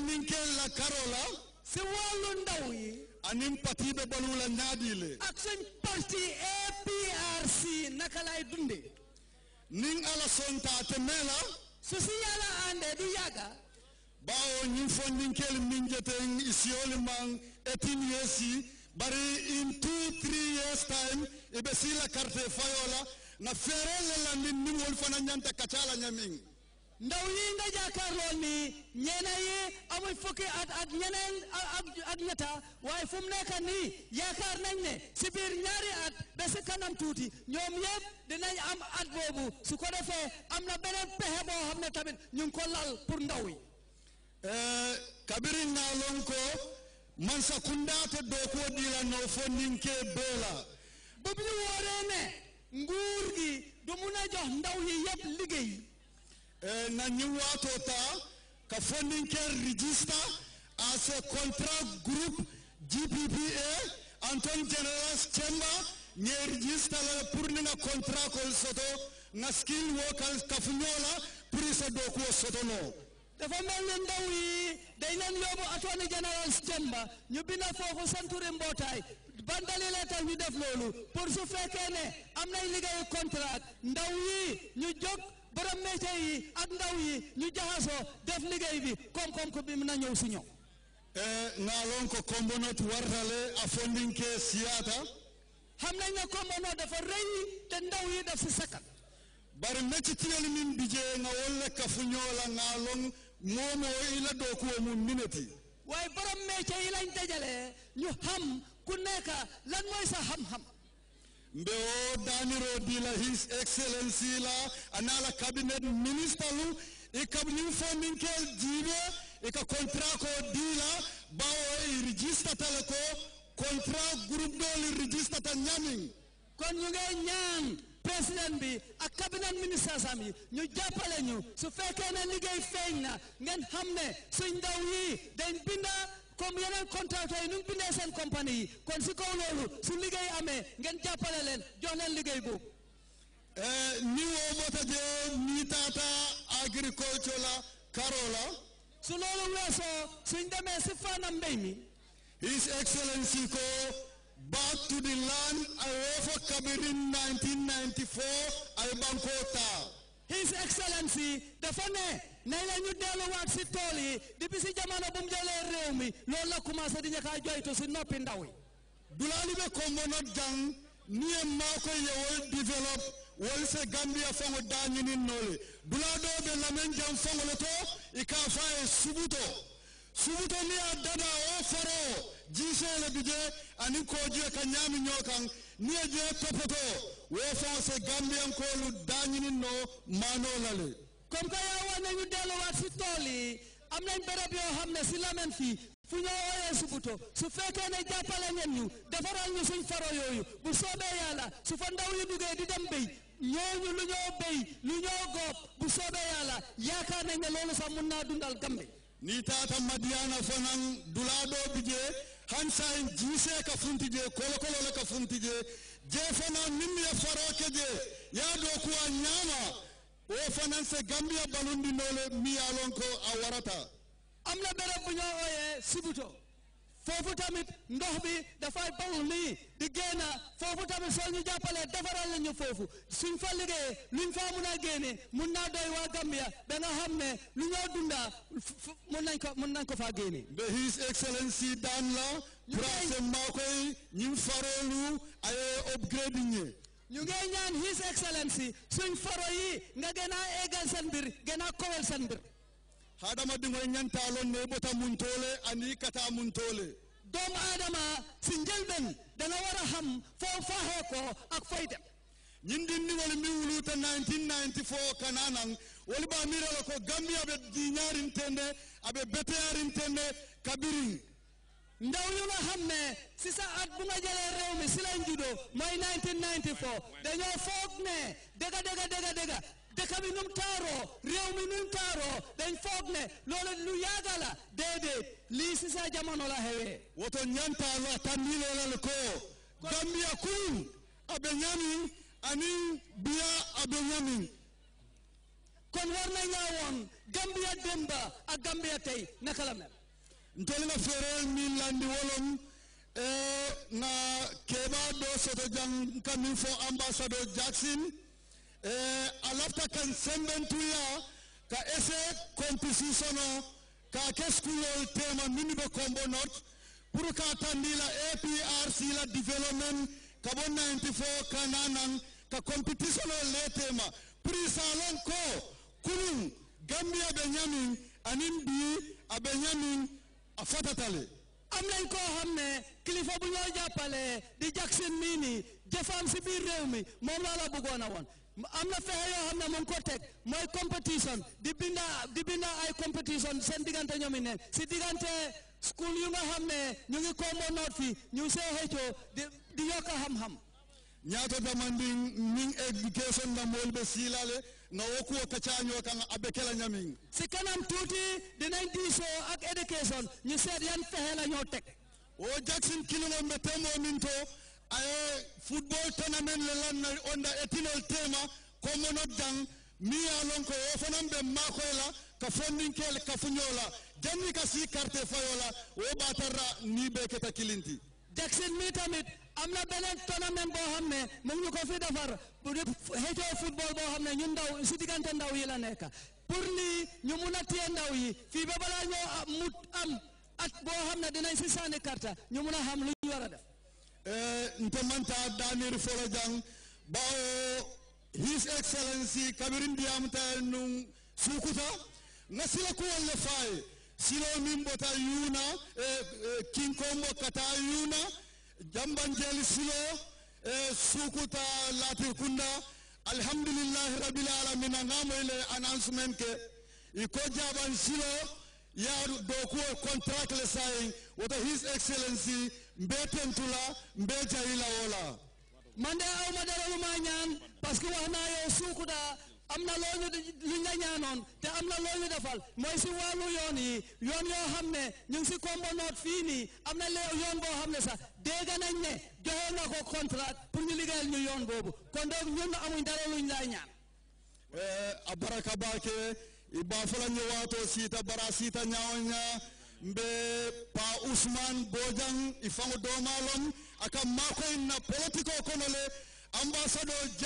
ñinkeen la karola si wàllu ndaw yi anin parti be balu la naadile ak suñ parti APRC naka lay dunde nin ala sontaate meela su si yàlla àndee du yàgga bawo ñin fo ñinkeel min jeten isiyooli yeesi bari in two three years time ibe si la carte fayola na feereel le landin niŋol ñanta kacala ñamin ndaw yi nga jàkkaar lool nii ñeena yi fukki at ñeneen ak ñetta waaye fu mu nekk nii yaakaar nañ ne si ñaari at ba si kanam tuuti ñoom yëpp dinañ am at boobu su ko defee am na beneen pexe boo xam ne tamit ñu ngi ko lal pour ndaw yi eh, kabirin naa lon ko man sa kundaate diila noo fo ninkee doola bu ñu waree ne nguur gi du mun a jox ndaw yi yëpp liggéey Eh, na new watota ka funding care register as a contract group GPPA Anton General's Chamber nye register la pour ninga contract ko soto na skill workers ka funyola pour sa do ko soto no dafa mel ne ndaw yi day nan yóbbu Attorney General's Chamber ñu binda foofu santuri mbootaay ban dalil ñu def loolu pour su fekkee ne am nañ liggéeyu contrat ndaw yi ñu jóg borom métier yi ak ndaw yi ñu jaxasoo def liggéey bi koom-koom ko bi na ñëw si ñoom e, naalon ko kombonot wartale a fondinke siyaata xam nañ ne kombonot dafa rëy te ndaw yi daf si sakkat bari meccitiyel min bijee nga wolle kafu ñoola naalon moomoo e ila dookuwo mun mineti waaye borom métier lañ dajale ñu xam ku nekk lan mooy sa xam-xam mbeo daniro dila his excellency la anala cabinet minister lu ikabni e funding ke jibe ika e contract ko dila bawo i e register talako contract group doli register ta kon ñu ngay ñaan président bi ak cabinet ministre sam ñu jàppale ñu su fekkee ne liggéey feeñ na ngeen xam ne suñ ndaw yi dañ binda comme yeneen contracteurs yi nu ngi yi kon si kaw su liggéey amee ngeen jàppale leen jox liggéey boobu eh, ni woo mota joo ni taata agriculture la su loolu weesoo suñ demee si faana mbéy mi Excellency ko back to the land away for Kabirin ay banko taa His Excellency dafa ne ne la ñu delluwaat si tool yi depuis si jamono bu mu jëlee réew mi loolu la commencé di njëkk a joytu si noppi ndaw yi. Dulalibe Kombono Jang niye maa ko yewol develop se Gambia fango daa noole dulaa doo be lamen jam fango le to i ka faa ye subuto subuta ni a dada o faro jiseele bi je ani koojuye ka ñaami kaŋ ni ye je pepoto wo faŋo se gambiyankoolu daañinin no maanoo la le comme que yaa war nañu delluwaat si tool am nañ béréb yoo xam ne si lamen fii fu ñoo wooyee subuto su fekkee ne jàppale ngeen ñu defaral ñu suñ faro yooyu bu soobee yàlla su fa ndaw yi duggee di dem béy ñooñu lu ñoo béy lu ñoo góob bu soobee yàlla yaakaar ne loolu sax mun naa dundal gambe ni tata madiana fonan dulado bije hansa en jise ka funtije kolo kolo ka funtije je fanan min ya faroke je ya do kuwa nyama o fonan se gambia balundi nole mi alonko awarata amna bere bunya oye sibuto foofu tamit ndox bi dafa baw lii di génn foofu tamit soo ñu jàppalee defaral la ñu foofu suñ fa liggéeyee luñ faa mun a génne mun naa doy waa Gambia ba nga xam ne lu ñoo dundaa mun nañ ko mun nañ ko faa génne. de his excellency daan la. ñu ngi maa koy ñu faroolu ay upgrade ñi. ñu ngi ñaan his excellency suñ faro yi nga gën a eggal seen mbir gën a kowal haɗama ɗigoye ñantalon neɓota e mum tole andi yikkata mum tole dom adama si jelɓen dana wara ham fo fa heko ak fayde ñindinnigol mbi wuluta 1994 kana nan woli ɓamirelo ko gambie aɓe diñarintende aɓe beteyarintende kabirin ndawyuma hamme sisa adduna jele rewmi silan juɗo moy 1994 daño fofne dega dega dega dega dëkk bi taaroo réew mi taaroo dañ foog ne loolu lu yàgg la déedéet lii si sa la xewee woto ñanta la tandilolal ko Gambia kun abe ñamin ani biya abe ñamin kon war na ñaa woon Gambia démba ak tey naka la mel ntolina feereel min landi wolom eh, na keɓa ɗo soto jang kamin fo ambassadeur Jackson Eh, alafta kan sembentuya ka ese composition ka ke schoolol tema minni be combo note pour ka tandila aprc la development ka bo 94 kananan nanan ka competition o le tema pour salon ko kunun gambia be nyamin anin bi abe nyamin afatatale am nañ koo xam bu ñoo jàppale di Jackson mini nii jëfam si biir réew mi la bëggoon a am na fexe yoo xam ne mu ko teg mooy competition di binda di binda ay competition seen diggante ñoom it ne si diggante school yu nga xam ne ñu ngi Kombo North fii ñu ngi see xëccoo di di yokk xam-xam. ñaata damandi min education dam wolɓe siilale no wokkuwo kacaño kan aɓe kela ñamin si kanam tuuti dinañ diiso ak education ñu seet yan fexe la ñoo teg o jaksin kilombe temomin to aye football tournament le lanna onda etinol tema ko mono dang mi ya lon ko o fanan be ma ko e la ka fondin kel ka funyola janni ka si carte fayola o batarra ni be keta kilinti jackson mi tamit am na beneen tournament boo xam ne mu ngi ñu ko fi defar xëccoo football boo xam ne ñun ndaw si diggante ndaw yi la nekk pour lii ñu mun a téye ndaw yi fii ba balaa ñoo mu am at boo xam ne dinañ si sànni karta ñu mun a xam lu ñu war a def Eh, ntemanta damir fola jang bao his excellency kabirin diam tayenu sukuta na sila ko wala fay silo mimbota yuna e king combo kata yuna jambanjeli silo e sukuta latir kunda alhamdulillah rabbil alamin ngamo ile announcement ke iko jaban silo ya do contract le sign with his excellency mbe tentula mbe jayila wola man de aw ñaan parce que wax naa yow suukuda am na loo ñu li nga ñaanoon te am na loo ñu defal mooy si wàllu yoon yi yoon yoo xam ne ñu ngi si kombo noot fii nii am na lee yoon boo xam ne sax ne joxe nga ko contrat pour ñu liggéeyal yoon boobu kon donc ñun amuñ dara luñ ñaan eh, a baraka baake i baa fula ñëwaatoo siita bara siita ñaawo ñaa mbe pa usman bojang ifango domalon aka makoy na political konole, ambassador